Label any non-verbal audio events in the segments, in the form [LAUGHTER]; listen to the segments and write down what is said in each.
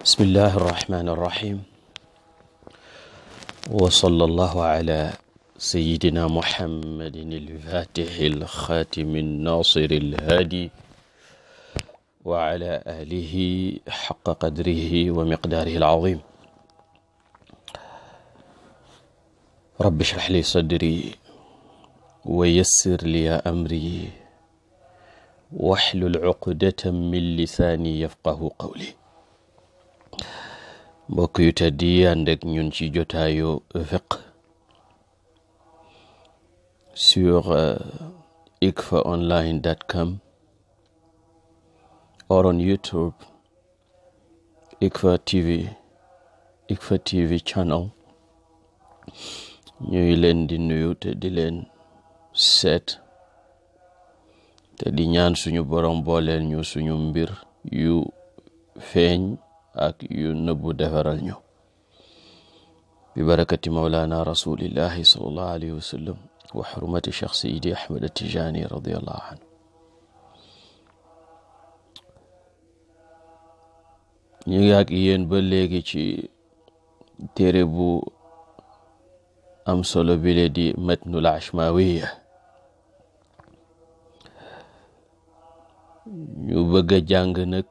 بسم الله الرحمن الرحيم وصلى الله على سيدنا محمد الفاتح الخاتم الناصر الهادي وعلى آله حق قدره ومقداره العظيم رب اشرح لي صدري ويسر لي أمري واحلل عقدة من لساني يفقه قولي mbokk yu te yi ànd ak ñun ci jotaayu fiq sur euh, ikfaonline.com or on YouTube Ikfa TV Ikfa TV channel ñuy leen di nuyu te di leen set te di ñaan suñu borom booleel ñu suñu mbir yu feeñ ak yu nëbbu defaral ñu bi barakati mawlaana rasulillahi sallallahu alayhi wa sallam wa xurmati cheikh sayidi ahmed atijani radiallahu anhu ñu ak yéen ba léegi ci téere bu am solo bile di matnul ashmawiya ñu bëgg a jàng nag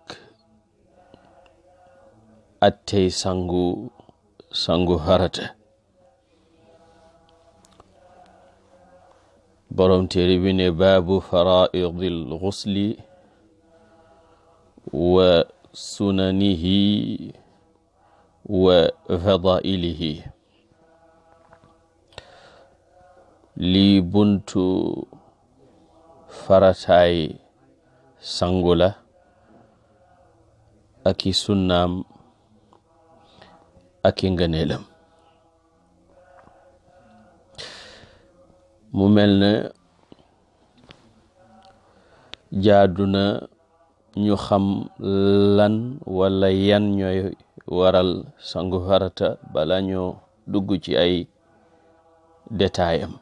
attey sangu sangu farata borom téere bi ne baabu faraidil xusli wa sunanihi wa fadailihi lii buntu farataay sangu la aki sunnaam ak i ngëneelam mu mel ne jaadu na ñu xam lan walla yan ñooy waral sangu farata bala ñoo dugg ci ay détail am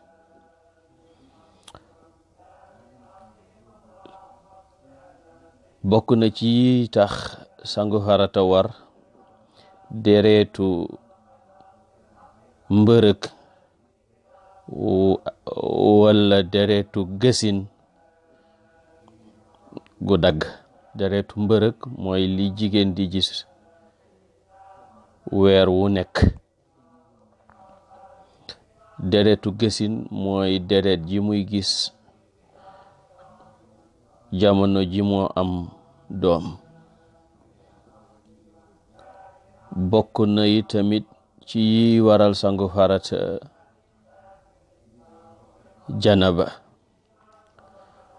bokk na ci tax sangu farata war deretu mbërëk wala deretu gësin gu dagg deretu mbërëk mooy li jigéen di gis weer wu nekk deretu gësin mooy deret ji muy gis jamono ji moo am doom bokk na yi tamit ci yi waral sangu farata janaba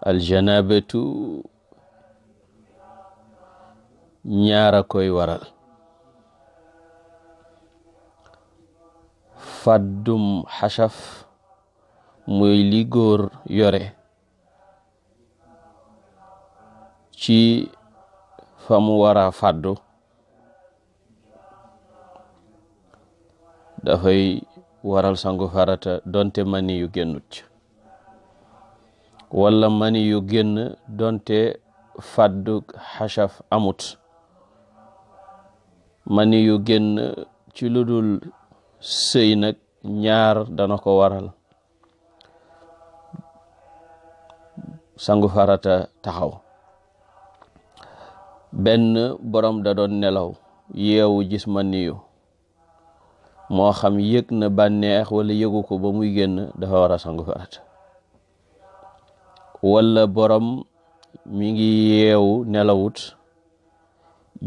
aljanabatu ñaara koy waral faddum xasaf muy li góor yore ci fa mu wara faddu dafay waral sangu farata donte mani yu génnut ci wala mani yu génn donte faddu xasaf amut mani yu génn ci lu sëy nag ñaar dana ko waral sangu farata taxaw benn borom da doon nelaw yeewu gis maniyu moo xam yëg na bànneex wala yëgu ko ba muy génn dafa war a sangu farata wala borom mi ngi yeewu nelawut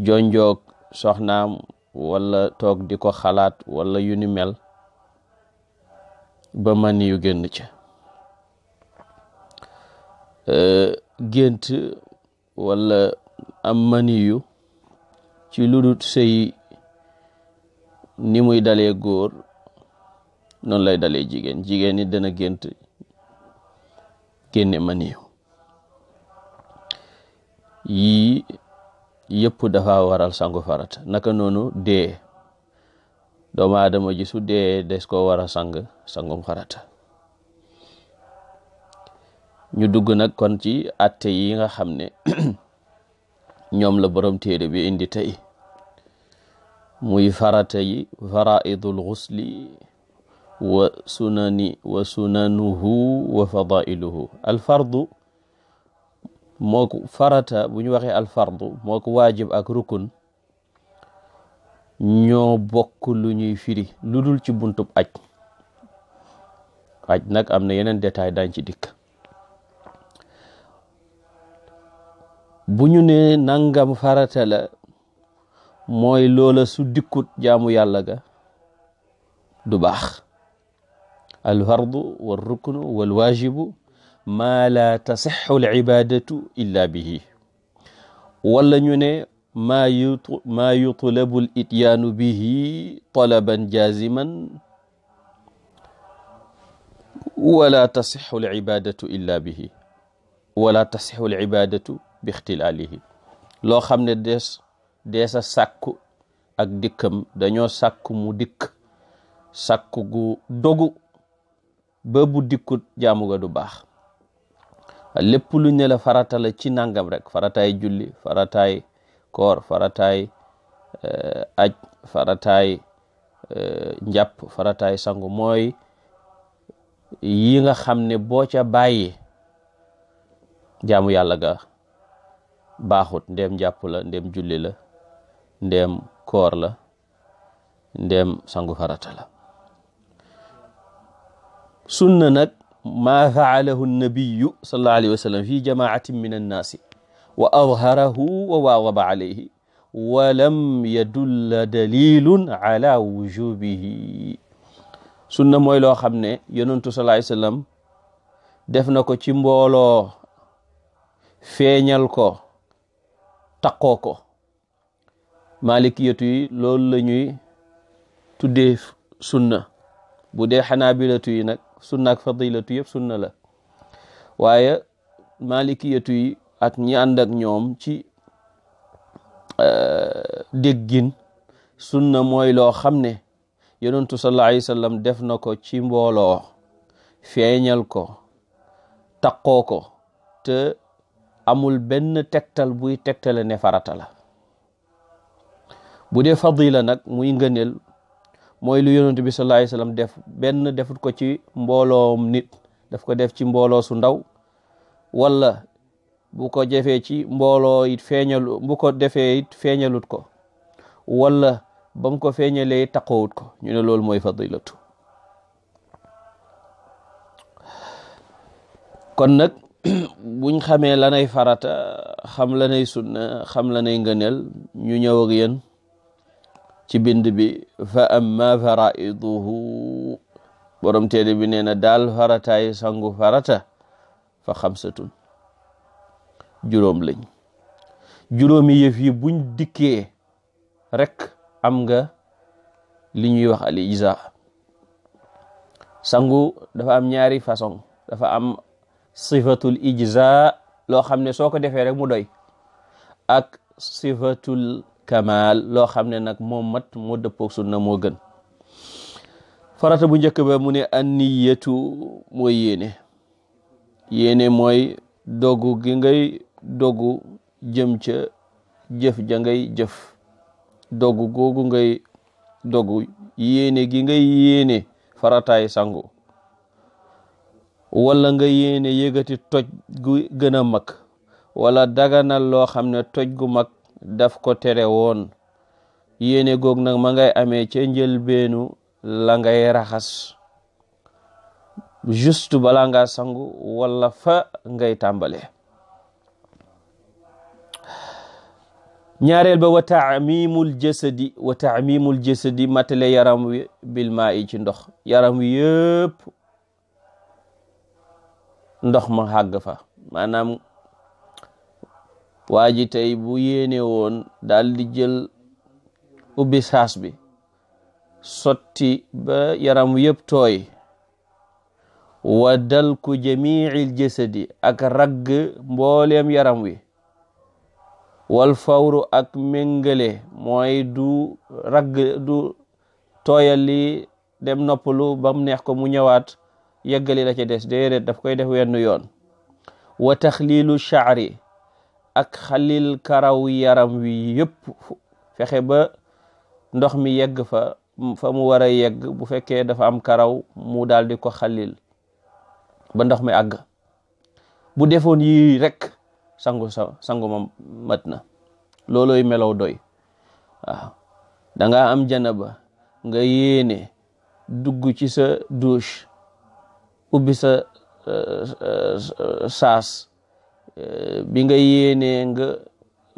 jonjoog soxnaam walla toog di ko xalaat walla yuni mel ba man yu génn ca gént wala am maniyu ci ludut sëy ni muy dalee góor noonu lay dale jigéen jigéen it dana gént génne maniw yii yépp dafa waral sangu farata naka noonu dee doomu aadama ji su dee des koo war a sang sangum farata ñu dugg nag kon ci atte yi nga xam ne [CLEARS THROAT] ñoom la borom téere bi indi tey muy farata yi faraidul xusli wa sunani wa sunanuhu wa fadailuhu alfardu moo farata bu ñu waxee alfardu moo ko waajib ak rukun ñoo bokk lu ñuy firi lu dul ci buntub aj aj nag am na yeneen détail dañ ci dikk bu ñu ne nangam farata mooy loola su dikkut jaamu yàlla ga du baax al fardu wal ruknu wal waajibu maa laa tasixu al ibaadatu illa bihi wala ñu ne maa yutu maa yutlabu al ityaanu bihi talaban jaaziman wala tasixu al ibaadatu illa bihi wala tasixu al ibaadatu bi ixtilaalihi loo xam ne des dee sa sàkku ak dikkam dañoo sàkku mu dikk sàkku gu dogu ba bu dikkut jaamu ga du baax lépp lu ne la farata ci nangam rek faratay julli faratay koor farataay eh, aj farataay eh, njàpp farataay sangu mooy yi nga xam ne boo ca bàyyi jaamu yàlla ga baaxut ndem jàpp la ndem julli la ndéem koor la ndéem sangu farata la sunna nag maa faalahu nabiyu sallallahu alayhi wa sallam fi jamaatin min annaasi wa adharahu wa waadaba alayhi walam yadulla dalilun ala wujubihi sunna mooy loo xam ne yonentu sallallahu alayhi wasallam def na ko ci mbooloo feeñal ko takkoo ko maalikiyatu yi loolu la ñuy tuddee sunna bu dee xanaabilatu yi nag sunna ak fadilatu yëpp sunna la waaye maalikiyatu yi ak ñi ñoom ci euh, déggin sunna mooy loo xam ne yonentu sallallahu alayhi wa sallam def na ko ci mbooloo feeñal ko taqoo ko te amul benn tegtal buy tegtale ne farata la bu dee fadila nag muy ngëneel mooy lu yonent bi sallallahu def benn defut ko ci mbooloom nit daf ko def ci mbooloo su ndaw wala bu ko defee ci mbooloo it feeñalu bu ko defee it feeñalut ko wala bam ko feeñalee taqowut ko ñu ne loolu mooy fadilatu kon nag [CLEARS THROAT] buñ xamee lanay farata xam lanay sunna xam lanay ngëneel ñu ñëw ak yéen ci bind bi fa amma faraiduhu borom téere bi nee na daal farataay sangu farata fa xamsatun juróom lañ juróomi yëf yi buñ dikkee rek am nga li ñuy wax al ijza sangu dafa am ñaari façon dafa am sifatul ijza loo xam ne soo ko defee rek mu doy ak sifatul kamal loo xam ne nag moom mat moo dëppoog na moo gën farata bu njëkk ba mu ne anniyatu mooy yéene yéene mooy dogu gi ngay dogu jëm ca jëf ja ngay jëf dogu googu ngay dogu yéene gi ngay yéene farataay sangu wala nga yéene yëgati toj gu gën a mag wala daganal loo xam ne toj gu mag daf ko tere woon yéene goog nag ma ngay amee ca njëlbeenu la ngay raxas juste bala nga sangu wala fa ngay tàmbale ñaareel ba wa taamimul jasadi wa taamimul jasadi matale yaram bil maa yi ci ndox yaram wi yëpp ndox ma xàgg fa maanaam waa ji tey bu yéene woon daldi jël ubbi saas bi sotti ba yaram yëpp tooy wa dalku jamiil jasadi ak ragg mbooleem yaram wi wal fawru ak méngale mooy du ragg du tooyal li dem noppalu ba mu neex ko mu ñëwaat yeggali la ca des daf koy def wenn yoon wa taxliilu chaari ak xalil karaw yaram wi yépp fexe ba ndox mi yegg fa fa mu war a yegg bu fekkee dafa am karaw mu daal di ko xalil ba ndox mi àgg bu defoon yii rek sangu sa sangu mat na loolooy melow doy waaw da nga am janaba nga yéene dugg ci sa douche ubbi sa euh, euh, euh, saas Eh, bi nga yéenee nga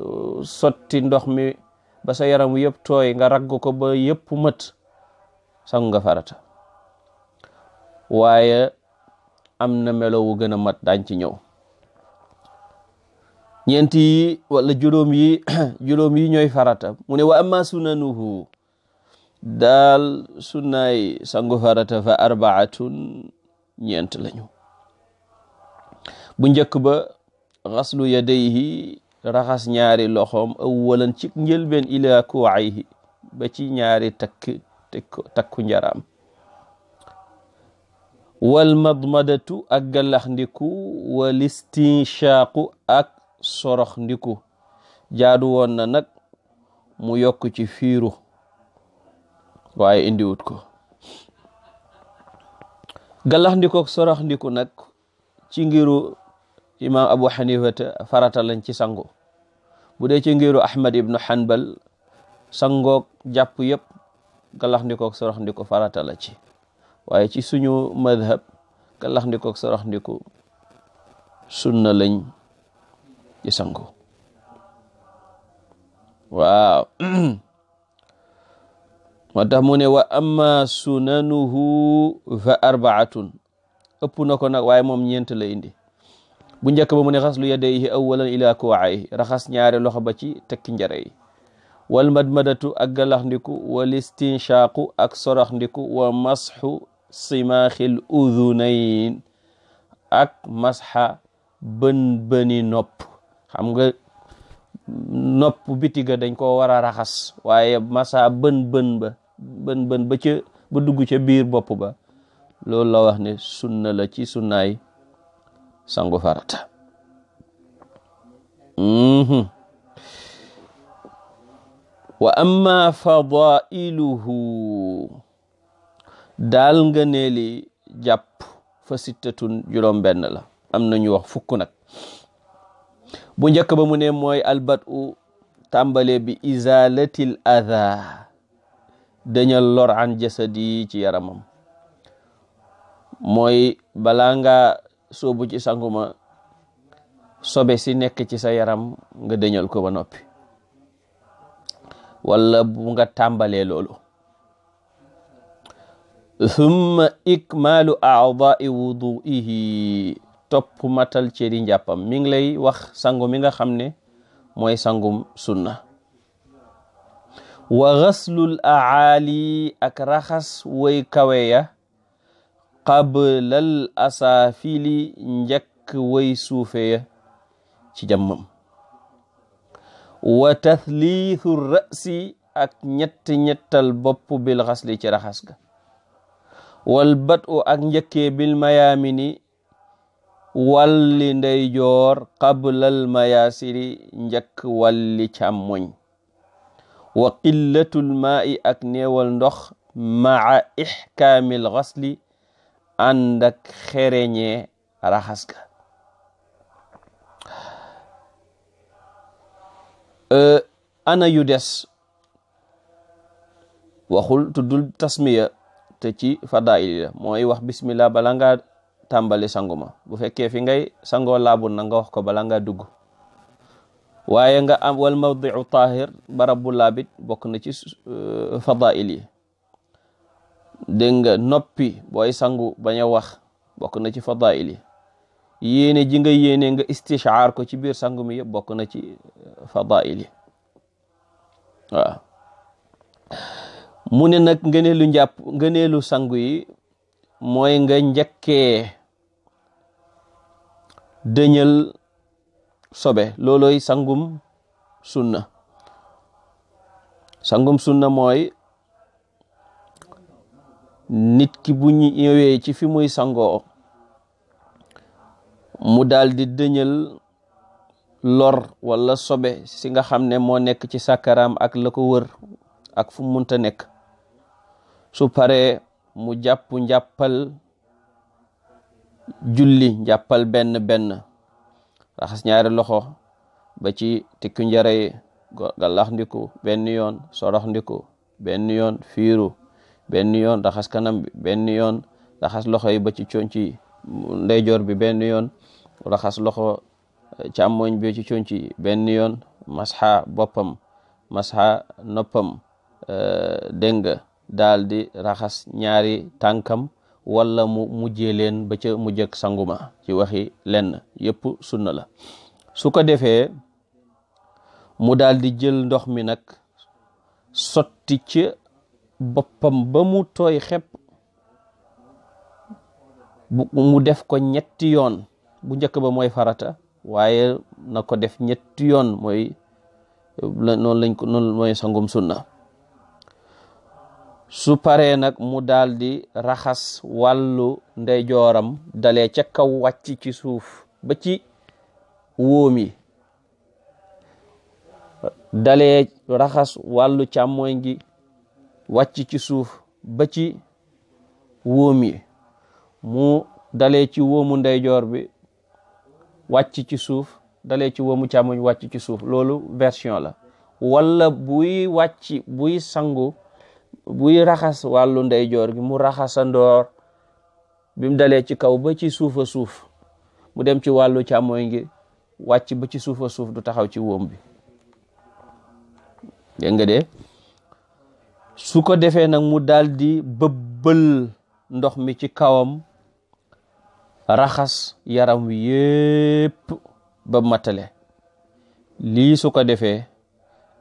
uh, sotti ndox mi ba sa yaram yëpp tooy nga ragg ko ba yëpp mët sangu nga farata waaye am na melo wu gën a mat daañ ci ñëw ñeent yi wala juróom yi [CLEARS THROAT] juróom ñooy farata mu ne wa amma sunanuhu daal sunnaay sangu farata fa arbaatun ñeent lañu bu njëkk ba xaslu yadayhi raxas ñaari loxoom awalan ci njëlbeen ila kuwayhi ba ci ñaari takku njaraam wal madmadatu ak galax ndiku wal istinshaqu ak sorox ndiku jaadu woon na nag mu yokk ci fiiru waaye indiwut ko galax ndikook sorox ndiku ci ngiru ci imaam abu xanifata farata lañ ci sango bu dee ci ngiru ahmad ibnu hanbal sangoog jàpp yëpp galax ndikoog sorox ndiko ci waaye ci suñu madhab galax ndikoog sorox ndiko sunna lañ ci sango waaw [CLEARS THROAT] moo tax wa amma sunanuhu fa arbaatun ëpp na ko nag waaye moom ñeent la indi bu njëkk ba mu ne xaslu yadayhi awalan ila kuwaayhi raxas ñaare loxo ba ci tekki njare yi wal madmadatu ak galax ndiku wal istinshaqu ak sorax ndiku wa masxu simaaxil udunayn ak masxa bën bëni nopp xam nga nopp bitiga dañ ko war a raxas waaye masa bën bën ba bën bën ba ca ba dugg ca biir bopp ba loolu la wax ne sunna la ci yi sangu farata mhm. wa amma fadailuhu daal nga neeli jàpp fa sittatun juróom benn la am na wax fukk nag bu njëkk ba mu ne mooy albadu tàmbale bi izalatil adha dañal lor an jasadi ci yaramam mooy balaa soobu ci sanguma sobe si nekk ci sa yaram nga dëñal ko ba noppi wala bu nga tàmbalee loolu thumma ikmaalu aadaai wuduihi topp matal ceri njàppam mi ngi lay wax sangu mi nga xam ne mooy sangum sunna wa ghaslul aali ak raxas woy kawe ya qablal asaafili njëkk way suufeya ci jàmmam wa tathliithu ra'si ak ñett ñettal bopp bil xasli ci raxas ga wal bat u ak njëkkee bil mayaamini walli ndeyjoor qablal mayaasiri njëkk walli càmmoñ wa qillatul maa'i ak néewal ndox maa ixkaamil xasli ànd ak xereñee raxas ga ana yu des waxul tuddul tasmiya te ci fadail mooy wax bismillah bala nga tàmbali sanguma bu fekke fi ngay sangoo laabun nanga nga wax ko bala nga dugg waaye nga am wal mawdiu tahir barab bu laabit bokk na ci fadail dégg nga noppi booy sangu bañ a wax bokk na ci fadail yi yéene ji nga yéene nga istishaar ko ci biir sangum mi yëpp bokk na ci euh, fadail yi waaw mu ne nag ngëneelu njàpp ngëneelu sangu yi mooy nga njëkkee dëñal sobe looloy sangum sunna sangum sunna mooy nit ki bu ñu ñëwee ci fi muy sangoo mu daldi di dëñal lor walla sobe si nga xam ne moo nekk ci sàkkaraam ak la ko wër ak fu munta nekk su pare mu jàpp njàppal julli njàppal benn benn raxas ñaari loxo ba ci tikku njare galax ndiku benn yoon sorox ndiku benn yoon fiiru benn yoon raxas kanam bi benn yoon raxas loxo yi ba ci ndeyjoor bi benn yoon raxas loxo eh, càmmoñ bi ci benn yoon masxa boppam masxa noppam eh, dégg nga daal di raxas ñaari tànkam wala mu mujjee leen ba ca mujjëk sanguma ci waxi lenn yëpp sunna la su defee mu daal di jël ndox mi nag sotti ci boppam ba mu toy xepp mu def ko ñetti yoon bu njëkk ba mooy farata waaye na ko def ñetti yoon mooy noonu lañ ko noonu mooy sangum sunna su paree nag mu daldi di raxas wàllu ndeyjooram dale ca kaw wàcc ci suuf ba ci wóom yi dalee raxas wàllu wàcc ci suuf ba ci womi mu dale ci wóomu ndeyjoor bi wàcc ci suuf dale ci wóomu càmmoñ wàcc ci suuf loolu version la walla buy wàcc buy sangu buy raxas wàllu ndeyjoor bi mu raxasandoor bi mu dalee ci kaw ba ci suufa suuf mu dem ci wàllu càmmoñ ngi wàcc ba ci suufa suuf du taxaw ci wóom bi dégg nga su ko defee nag mu daldi bëbël ndox mi ci kawam raxas yaram wi yépp ba matale lii su ko defee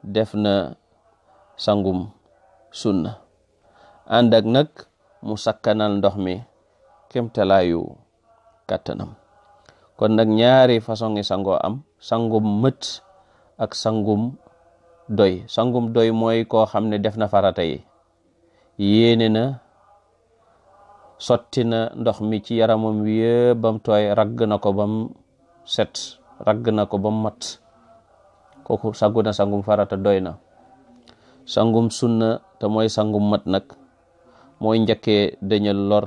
def na sangum sunna ànd ak nag mu sakkanal ndox mi kemtalaayu kàttanam kon nag ñaari façon ngi sangoo am sangum mët ak sangum doy sangum doy mooy koo xam ne def na farata yi yéene na sotti na ndox mi ci yaramam wi yëpp bam tooy ragg na ko bam set ragg na ko bam mat kooku sangu na sangum farata doy na sangum sunna te mooy sangum mat nag mooy njëkkee dañal lor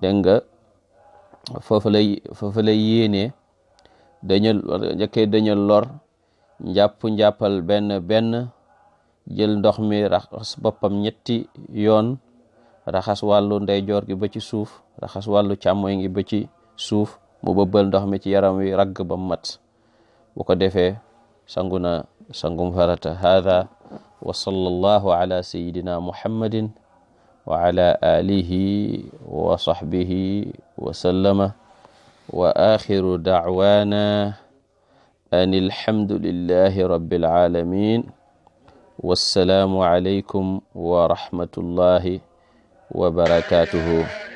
dégg nga foofu lay foofu lay yéenee lor njàpp njàppal benn benn jël ndox mi raxas boppam ñetti yoon raxas wàllu ndeyjoor gi ba ci suuf raxas wàllu càmmoñ gi ba ci suuf mu bëbbal ndox mi ci yaram wi ragg ba mat bu ko defee sangu na sangum farata haada wa sallallahu ala sayidina muhammadin wa ala an alhamdulillahi rabbil alamin wassalaamu aleykum wa rahmatullahi wa barakatuhu